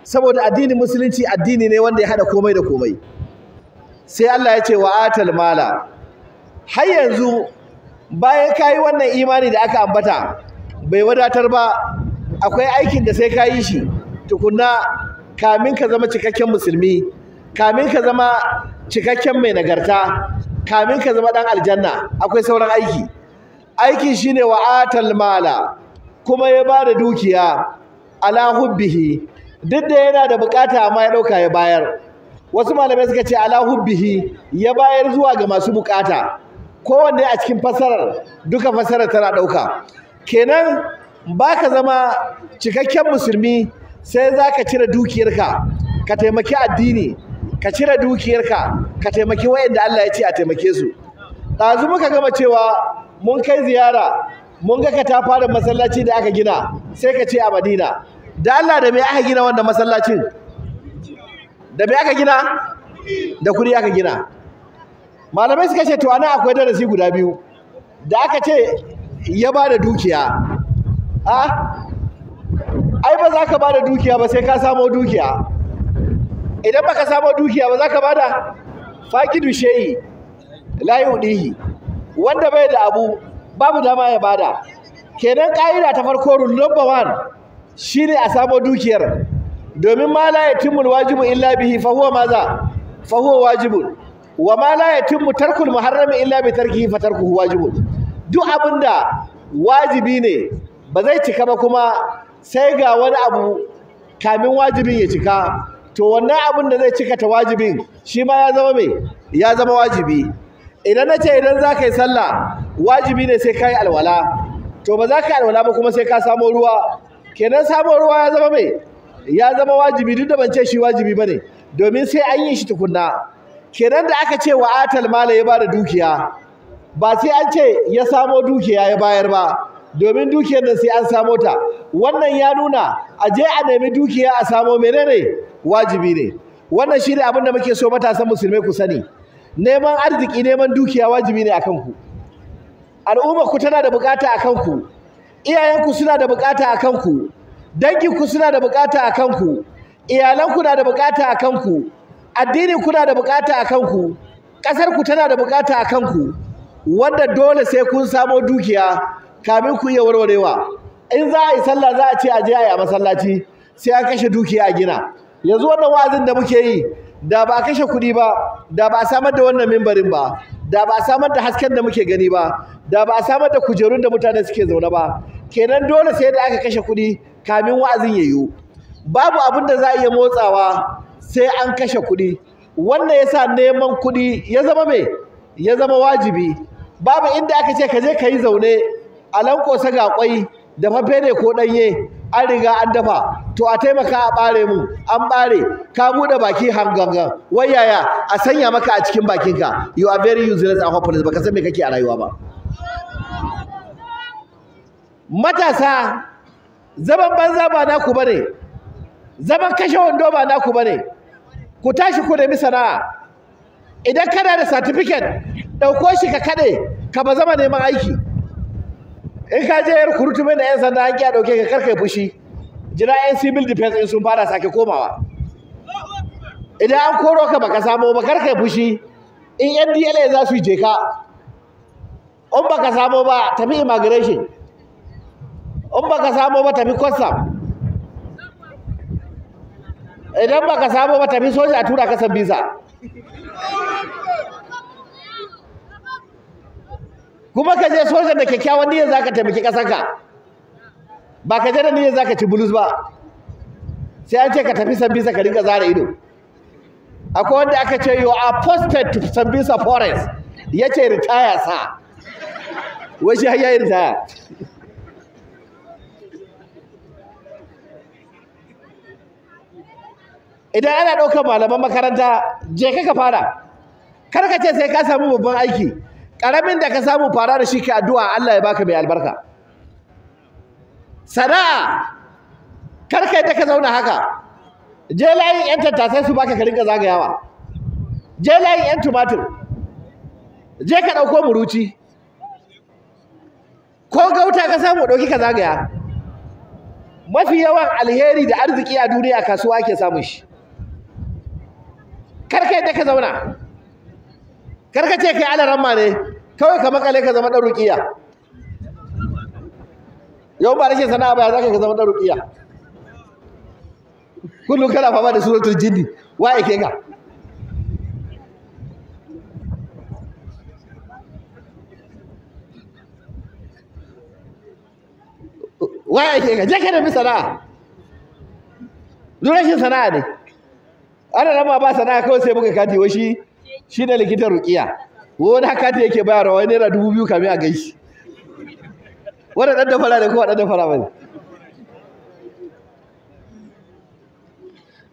saboda addinin musulunci addini ne wanda ya hada komai da komai sai Allah ya ce wa atal mala har yanzu bayan kayi wannan imani da aka ambata bai wadatar ba akwai aikin da sai kayi shi tukunna kamin ka zama cikakken musulmi kamin ka zama cikakken mai nagarta kamin ka zama dan aljanna akwai sauran aiki aiki shine wa atal mala kuma ya bada dukiya ala hubbihi duk da yana da bukata amma ya dauka ya bayar wasu malamai suka ce ala hubbihi ya bayar zuwa ga masu bukata kowanne a cikin fasarar duka fasarar tana dauka kenan baka zama cikakken musulmi sai za ka cire dukiyarka ka taimaki addini ka cire dukiyarka ka taimaki wayanda Allah ya ce a taimake su ɗazu muka gama cewa mun kai ziyara mun ga katafaren masallaci da aka gina sai ka ce a Madina da Allah da me aka gina wanda masallacin da me aka gina da kuri aka gina malamai suka ce to ana akwai darasi guda biyu da aka ce ya ba da dukiya a ai ba za ka ba da dukiya ba sai ka samo dukiya idan baka samo dukiya ba za ka ba da faƙidu she'i la wanda bai da abu babu dama ya bada kenan ƙa'ida ta farko rule number one Shi ne a samo dukiyar domin ma la yatimul wajibu illa bihi fa huwa maza fa huwa wajibun wa ma la yatimmu tarkul muharrami illa bi tarkihi fa tarkuhu wajibun duk abinda wajibi ne ba zai cika ba kuma sai ga wani abu kamin wajibin ya cika to wannan abin da zai cika ta wajibin shi ma ya zama me ya zama wajibi idan na ce idan za ka yi sallah wajibi ne sai ka yi alwala to ba za ka yi alwala ba kuma sai ka samo ruwa kenan sabon ruwa ya zama mai ya zama wajibi duk da ban ce shi wajibi bane domin sai an yi shi tukunna kenan da aka ce wa atal mala ya bada dukiya ba sai an ce ya samo dukiya ya bayar ba domin dukiyar nan sai an samo ta wannan ya nuna a je a nemi dukiya a samo menene wajibi ne wannan shine abin da muke so matasan musulmai ku sani neman arziki neman dukiya wajibi ne akan ku al'umma ku tana da bukata akan ku iyayenku suna da bukata a kanku danginku suna da bukata a kanku iyalanku na da bukata a kanku addininku na da bukata a kanku ƙasarku tana da bukata a kanku wanda dole sai kun samo dukiya kamin ku iya warwarewa in za a yi sallah za a ce a je a yi a masallaci sai an kashe dukiya a gina yanzu wannan wa'azin da muke yi da ba a kashe kuɗi ba da ba a samar da wannan mimbarin ba da ba a samar da hasken da muke gani ba da ba a samar da kujerun da mutane suke zaune ba kenan dole sai da aka kashe kuɗi kamin wa'azin ya yiwu babu abin da za a iya motsawa sai an kashe kuɗi wannan ya sa neman kuɗi ya zama me ya zama wajibi babu inda aka ce ka je ka yi zaune a lankosa ga kwai da fafe ne ko ɗanye an riga an dafa to a taimaka a bare mu an bare ka bude baki hangangan wai yaya a sanya maka a cikin bakinka you are very useless and hopeless baka san me kake a rayuwa ba matasa zaman banza ba naku bane zaman kashe wando ba naku bane ku tashi ku nemi sana'a idan kana da certificate ɗauko shi ka kaɗe, ka ba zama neman aiki in ka je yar mai da 'yan sanda haƙƙi a ɗauke ka karkai fushi jira 'yan civil defense in sun fara sake komawa idan an koro ka baka samo ba karkai fushi in yan dla za su je ka in baka samo ba tafi immigration in baka samo ba tafi custom idan baka samo ba tafi soja a tura ka san visa kuma ka je sojan da kyakkyawan niyyar za ka taimaki ka, ba ka je da niyyar za ka ci bulus ba sai an ce ka tafi sambisa ka rinka zara ido akwai wanda aka ce you are posted to sambisa forest ya ce ritaya sa wai shi ya yi ritaya idan ana ɗaukar malaman makaranta je ka fara kar ka ce sai ka samu babban aiki ƙaramin da ka samu fara da shi ka addu'a Allah ya baka mai albarka sana'a kar yi da ka zauna haka je layin yan tattasai su baka ka zagayawa je layin yan tumatir je ka ɗauko muruci ko gauta ka samu ɗauki ka zagaya mafi yawan alheri da arziki a duniya kasuwa ke samun shi kar yi da ka zauna kar ka ce kai alaramma ne kawai ka makale ka zama dan ruqiya yau ba rashin sana'a ba zaka ka zama dan ruqiya kullu kana fama da suratul jinni wa yake ga wa yake ga je ka da sana'a duk rashin sana'a ne ana rama ba sana'a kawai sai muka kati wai shi shi ne likitan rukiya wani haka ta yake bayarwa wani naira dubu biyu kamin a gaishi wani ɗan fara ne ko ɗan da fara ne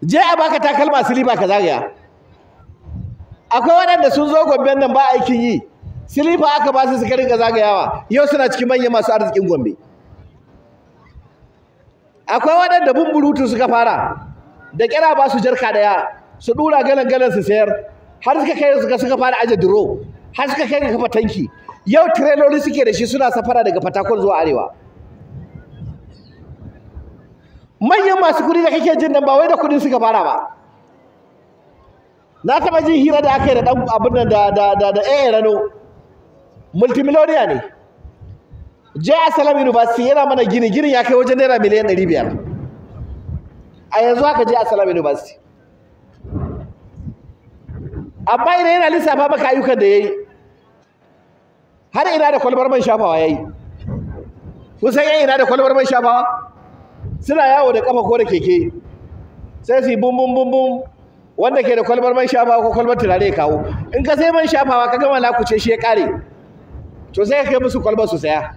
je a baka takalma siliba ka zagaya akwai waɗanda sun zo gwamben nan ba aikin yi silifa aka ba su suka rinka zagayawa yau suna cikin manyan masu arzikin gombe akwai waɗanda bumburutu suka fara da kira ba su jarka ɗaya, su ɗura galan galan su sayar har suka kai suka suka fara aje duro har suka kai ga kafa tanki yau tireloli suke da shi suna safara daga fatakon zuwa arewa manyan masu kuɗi da kake jin nan ba wai da kuɗin suka fara ba na taɓa jin hira da aka yi da ɗan abin nan da da da da AA Rano multimillionaire ne je Asalam University yana mana gini gini ya kai wajen naira miliyan 500 a yanzu haka je Asalam University amma idan yana lissafa maka ayyukan da ya yi har ina da kwalbar man shafawa ya yi kusan yan ina da kwalbar man shafawa suna yawo da kafa ko da keke sai su yi bum bum bum bum wanda ke da kwalbar man shafawa ko kwalbar turare kawo in ka sai man shafawa ka gama lakuce shi ya kare to sai ka kai musu kwalbar su saya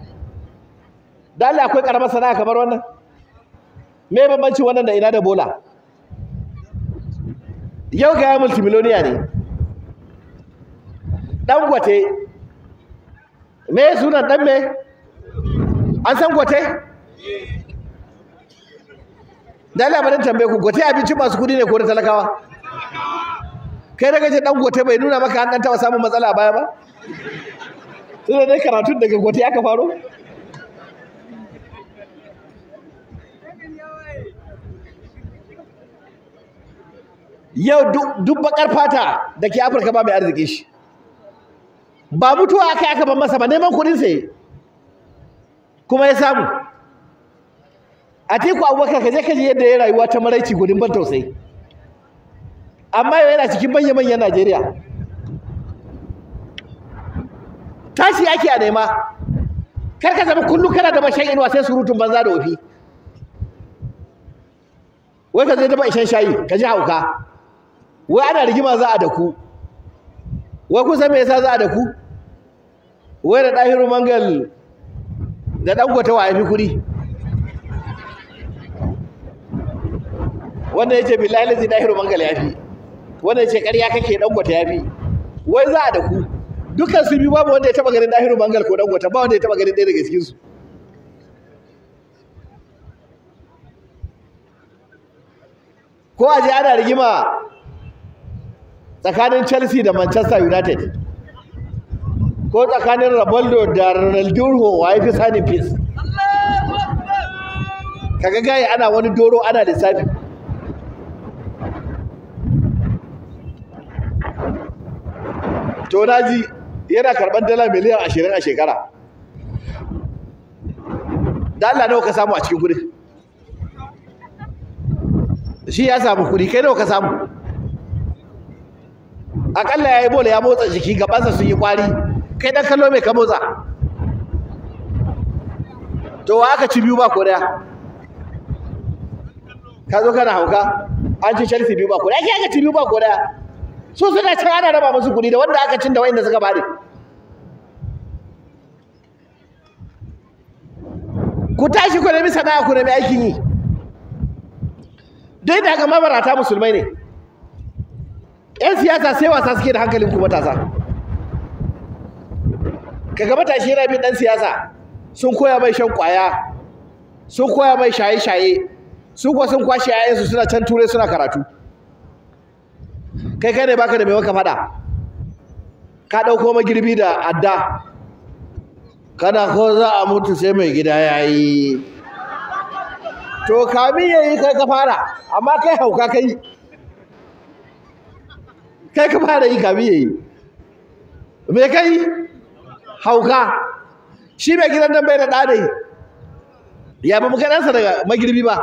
da akwai karamar sana'a kamar wannan me bambanci wannan da ina da bola yau ga ya multimiloniya ne dan gwate me sunan dan me an san gwate da labarin tambaye ku gwate abinci masu kudi ne ko na talakawa kai daga ce dan gwate bai nuna maka an dan taba samun matsala a baya ba sai dai karatun daga gwate aka faro yau duk bakar fata da ke afirka ba mai arziki shi ba mutuwa aka aka ban masa ba neman kuɗin sai kuma ya samu a teku abubakar kaje kaje yadda ya rayuwa ta maraici gudun ban tausayi amma yau yana cikin manya manyan najeriya tashi ake a nema kar ka zama kullu kana da mashan inuwa sai surutun banza da ofi wai ka zai daba ishan shayi ka ji hauka wai ana rigima za a daku? wai kun san me yasa za a daku? wai da ɗahiru mangal da ɗangwata wa haifi kuri? wannan ya ce billahi lazi ɗahiru mangal ya fi wannan ya ce ƙarya kake ɗangwata ya fi wai za a da ku dukkan su biyu babu wanda ya taɓa ganin ɗahiru mangal ko ɗangwata ba wanda ya taɓa ganin ɗaya daga cikinsu ko a ji ana rigima tsakanin chelsea da manchester united ko tsakanin rabaldo da ronaldinho wa ya fi sani fis kaga gaya ana wani doro ana lissafi to naji yana karban dala miliyan ashirin a shekara da Allah nawa ka samu a cikin kudi shi ya samu kudi kai nawa ka samu akalla yayi bola ya motsa jiki gabansa sun yi kwari kai dan kallo mai ka motsa to wa aka ci biyu ba ko daya ka zo kana hauka an ci sharfi biyu ba ko daya aka ci biyu ba ko daya su suna cin ana raba musu kuɗi da wanda aka cin da wanda suka bare ku tashi ku nemi sana'a ku nemi aikin yi dai da ga mabarata musulmai ne yan siyasa sai wasa suke da hankalin ku matasa kaga matashi yana bin ɗan siyasa sun koya mai shan kwaya sun koya mai shaye-shaye su kuwa sun kwashe yayansu suna can turai suna karatu kai kai ne baka da mai maka fada ka ɗauko magirbi da adda kana ko za a mutu sai mai gida ya yi to kamin ya yi kai ka fara amma kai hauka kai kai ka fara yi kafin ya me kai hauka shi mai gidan nan bai da dade ya ba muka sa daga magirbi ba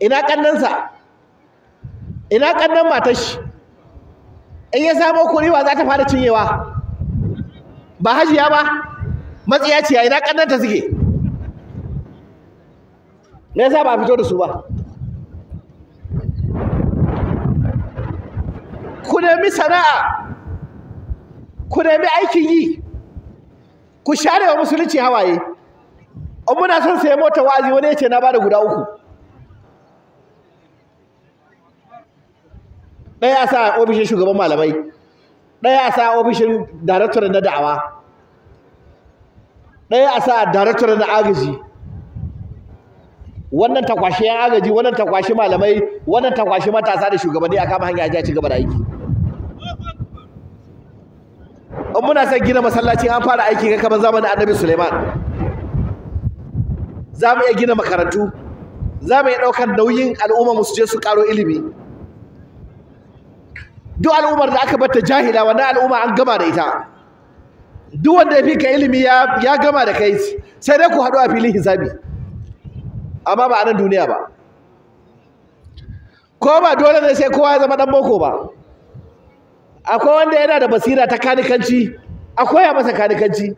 ina sa ina ƙannan matar shi in ya samo kuriwa za ta fara cinyewa ba hajiya ba matsiya ciya ina ta suke me yasa ba fito da su ba ku nemi sana'a ku nemi aikin yi ku share wa musulunci hawaye in muna son sai mota wa'azi wani ya ce na bada guda uku ɗaya a sa ofishin shugaban malamai ɗaya a sa ofishin daraktoran na da'awa ɗaya a sa daraktoran na agaji wannan ta kwashi agaji wannan ta kwashi malamai wannan ta matasa da shugabanni a kama hanya a ci gaba da aiki in muna son gina masallaci an fara aiki ga kamar zamanin annabi suleiman za mu iya gina makarantu za mu iya ɗaukar nauyin al'umma musu je su ƙaro ilimi duk al'ummar da aka bata jahila wannan al'umma an gama da ita duk wanda ya fi ka ilimi ya gama da kai sai dai ku haɗu a filin hisabi amma ba a nan duniya ba ko ba dole ne sai kowa ya zama dan boko ba akwai wanda yana da basira ta kanikanci a koya masa kanikanci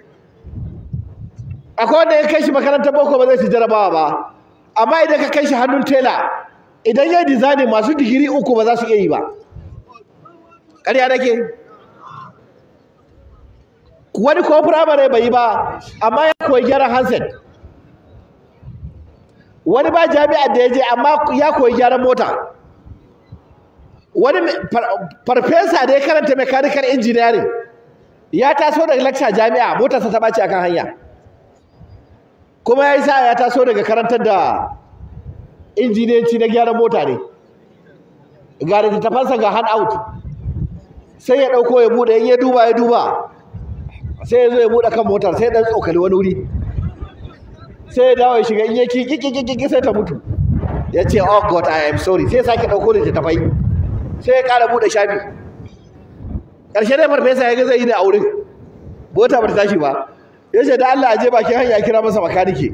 akwai wanda ya kai shi makarantar boko ba zai shi jarabawa ba amma idan ka kai shi hannun tela idan ya dizani masu digiri uku ba za su iya yi ba ƙarya nake wani ko firamare bai yi ba amma ya koyi gyaran handset wani ba jami'ar da ya je amma ya koyi gyaran mota wani farfesa da ya karanta mechanical engineering ya taso daga lecture jami'a motarsa ta a akan hanya kuma ya yi sa'a ya taso daga karantar da injiniyanci na gyaran mota ne ga littattafansa ga hand out sai ya ɗauko ya buɗe in ya duba ya duba sai ya zo ya buɗe kan motar sai ya ɗan tsokali wani wuri sai ya dawo ya shiga in ya ki sai ta mutu ya ce oh god i am sorry sai sake ɗauko da tafai sai ya ƙara bude shafi karshe dai farfesa ya ga zai yi da wurin bota ba ta tashi ba ya ce da Allah a je bakin hanya kira masa makanike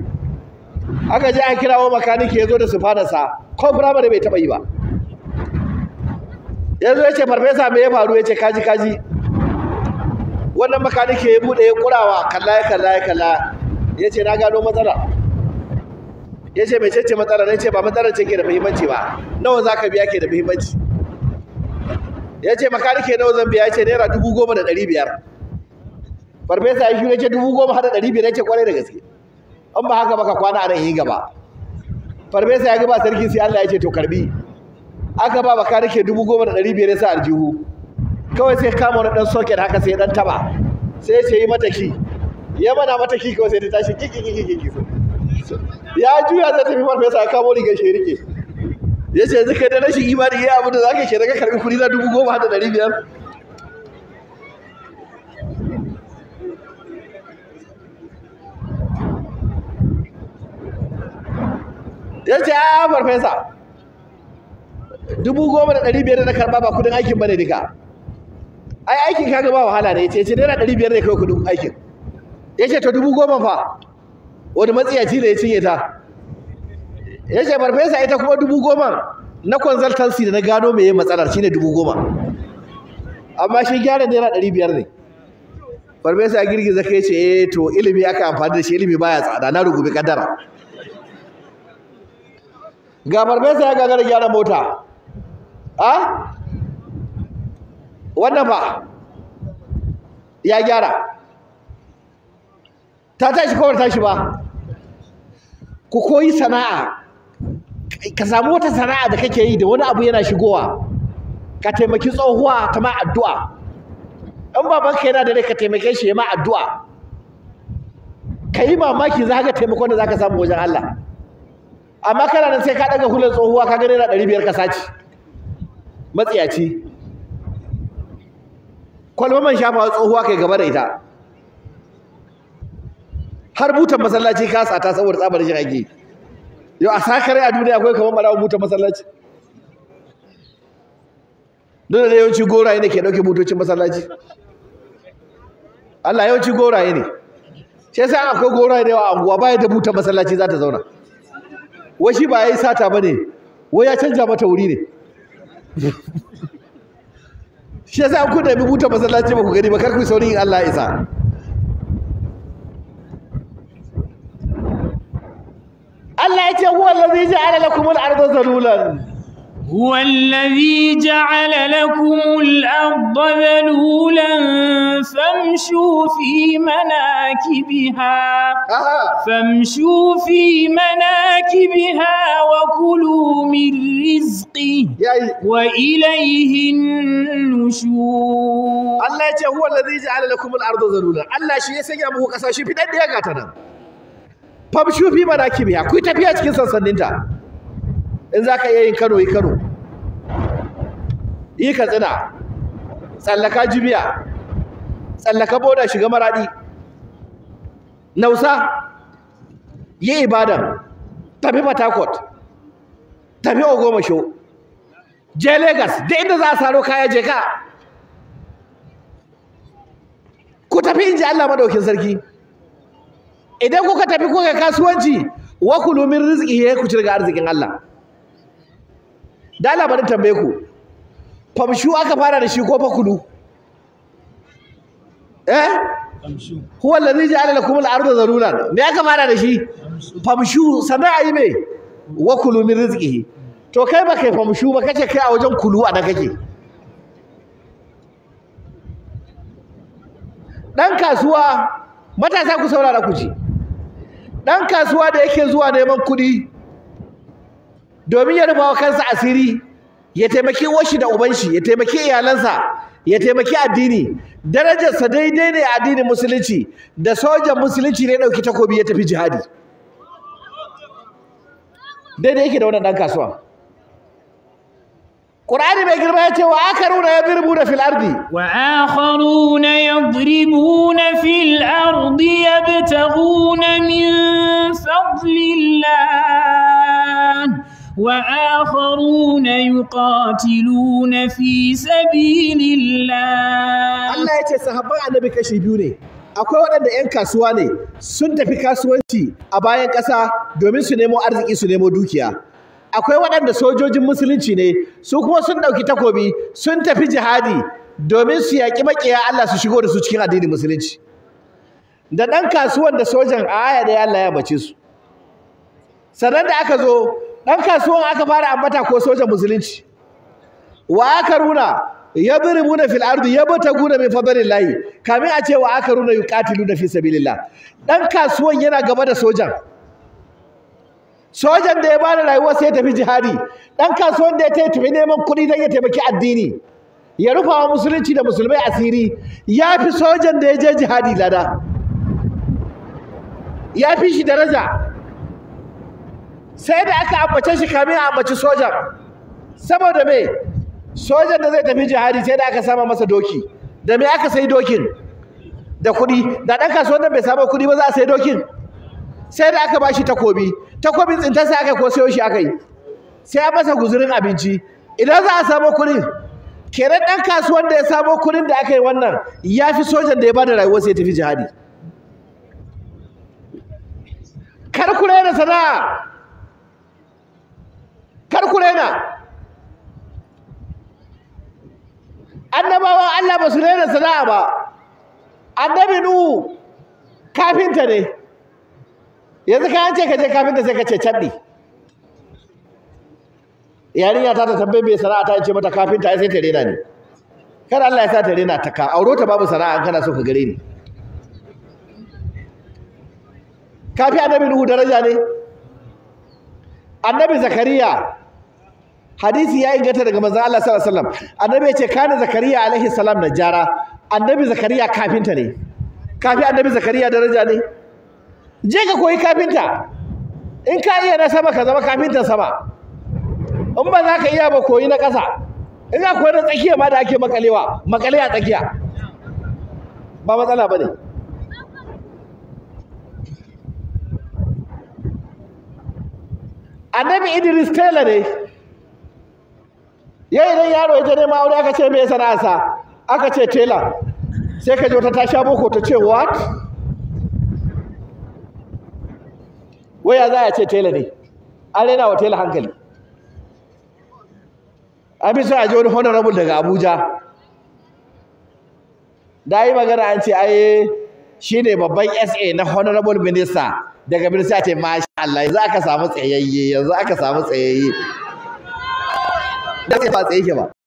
aka je a kirawo makanike ya zo da sufanarsa ko firamare bai taɓa yi ba ya zo ya ce farfesa me ya faru ya ce kaji kaji wannan makanike ya buɗe ya kurawa kalla ya kalla kalla ya ce na gano matsala ya ce mai ce matsala na ce ba matsala ce ke da muhimmanci ba nawa za ka biya ke da muhimmanci ya ce makanike nawa zan biya ya ce naira dubu goma da ɗari biyar farfesa ya shi ce dubu goma har da ɗari biyar ya ce kwarai da gaske in ba haka baka kwana a nan yi gaba farfesa ya gaba sarki sai Allah ya ce to karbi aka ba makanike dubu goma da ɗari biyar ya sa aljihu kawai sai kama wani ɗan soket haka sai ɗan taba sai ya ce yi mata ki ya bana mata kiko sai ta tashi kiki kiki kiki ki ya juya zai tafi farfesa ya kamo rigar shi ya ce yanzu kai da rashin imani ya abu da za ka ke karbi kuɗi na dubu goma da ɗari biyar ya ce a farfesa dubu goma da ɗari biyar da na karɓa ba kudin aikin ba ne duka ai aikin kaga ba wahala ne ya ce naira ɗari biyar ne kawai kudin aikin ya ce to dubu goma fa wani matsiyaci da ya cinye ta ya ce farfesa ita kuma dubu goma na consultancy da na gano mai matsalar shi ne dubu goma amma shi gyara naira ɗari biyar ne farfesa ya girgiza kai ce eh to ilimi aka amfani da shi ilimi baya tsada na rugubi kaddara ga farfesa ya gagara gyara mota a ah, wannan fa ya gyara ta tashi kawar tashi ba ku koyi sana'a ka samu wata sana'a da kake yi da wani abu yana shigowa ka taimaki tsohuwa ta ma addu'a in babanka yana da rai ka taimake shi ya ma addu'a ka yi mamaki za ka taimakon da za ka samu wajen Allah amma kana nan sai ka ɗaga hular tsohuwa ka gani na ɗari biyar ka sace matsiyaci kwalba man shafa tsohuwa kai gaba da ita har butan masallaci ka sa ta saboda tsabar jirage ake yau a sakare a duniya akwai kamar marawa butan masallaci dole ne yawanci goraye ne ke dauke butocin masallaci Allah yawanci goraye ne sai sai akwai goraye da yawa a unguwa baya da butan masallaci za ta zauna wai shi ba yayi sata bane wai ya canja mata wuri ne shi sa ku da bi butan masallaci ba ku gani ba kar ku saurin Allah isa الله هو الذي جعل لكم الأرض ذلولا arda هو الذي جعل لكم الأرض ذلولا فامشوا في مناكبها فامشوا في مناكبها وكلوا من رزقه إيه. وإليه النشور الله هو الذي جعل لكم الأرض ذلولا الله شيء سيجعله قصاشي في ذلك fabshu fi manakibiha akwai tafiya cikin sansaninta in zaka iya yin Kano yi Kano yi Katsina tsallaka Jibiya tsallaka boda shiga maraɗi. Nausa yi Ibadan tafi Port tafi Ogomasho je Legas. da inda za a saro kaya je ka ku tafi inji Allah madaukin sarki idan kuka tafi kuka kasuwanci wa kulu min ya ku ci arzikin Allah da labarin tambaye ku famshu aka fara da shi ko fa kulu eh famshu huwa allazi ja'ala lakum al-ardha zalulan me aka fara da shi famshu sana'a yi me wa kulu min rizqihi to kai ba kai famshu ba kace kai a wajen kulu a da kake dan kasuwa matasa ku saurara ku ji ɗan kasuwa da yake zuwa neman kuɗi domin ya rubawa kansa asiri ya taimaki washi da ubanshi ya taimaki iyalansa ya taimaki addini darajarsa daidai ne addinin musulunci da sojan musulunci ne ɗauki takobi ya tafi jihadi daidai yake da wannan ɗan kasuwa Qur'ani mai girma ya ce wa akharuna yadribuna fil ardi wa akharuna yadribuna fil ta huna min fadlillah na fi في سبيل الله الله يتي Annabi kashi biyu ne. akwai waɗanda 'yan kasuwa ne sun tafi kasuwanci a bayan ƙasa domin su nemo arziki su nemo dukiya akwai waɗanda sojojin musulunci ne su kuma sun ɗauki takobi sun tafi jihadi domin su yaƙi maƙiya Allah su shigo da su cikin addinin musulunci da ɗan kasuwan da sojan a aya da Allah ya bace su sannan da aka zo ɗan kasuwan aka fara ambata ko sojan musulunci wa aka runa yabrimuna fil bata mai min layi, kamin a ce wa aka runa na fi sabilillah ɗan kasuwan yana gaba da sojan sojan da ya ba da rayuwar sai ya tafi jihadi ɗan kasuwan da ya tafi tafi neman kuɗi don ya taimaki addini ya rufa wa musulunci da musulmai asiri ya fi sojan da ya je jihadi lada ya fi shi daraja sai da aka ambace shi kamin a ambaci sojan saboda me sojan da zai tafi jihadi sai da aka sama masa doki da me aka sai dokin da kuɗi da ɗan kasuwan da bai samu kuɗi ba za a sai dokin sai da aka ba shi takobi Ta kwabin tsinta sai aka ko sayo shi aka yi sai ya masa guzurin abinci idan za a samo kuɗin kenan ɗan kasuwan da ya samo kuɗin da aka yi wannan ya fi sojan da ya bada rayuwar sai tafi jihadi kar ku raina sana'a kar ku raina annabawa Allah ba su raina sana'a ba annabi nuhu kafinta ne yanzu ka ce ka je kafinta sai ka ce cabbi yarinya ta ta tambaye mai sana'a ta ce mata kafinta ai sai ta rena ne kada Allah ya sa ta rena ta ka auro ta babu sana'a kana so ka gare ni kafi annabi nuhu daraja ne annabi zakariya hadisi ya inganta daga manzon Allah sallallahu alaihi wasallam annabi ya ce kana zakariya alaihi salam najara annabi zakariya kafinta ne kafi annabi zakariya daraja ne je ka koyi kafinta in ka iya na sama ka zama kafintan sama in ba za ka iya ba koyi na ƙasa in ka koyi na tsakiya ma da ake makalewa makale a tsakiya ba matsala ba ne annabi idris taylor ne yayi dan yaro ita ne neman aka ce me sana'arsa aka ce taylor sai ka ji wata ta sha boko ta ce what waya za a ce tela ne an rena wa tela hankali a fi a ji wani honorable daga abuja da yi magana an ce aye shi ne babban sa na honorable minister daga minista ce masha Allah yanzu aka samu tsayayye yanzu aka samu tsayayye da ba tsaye ke ba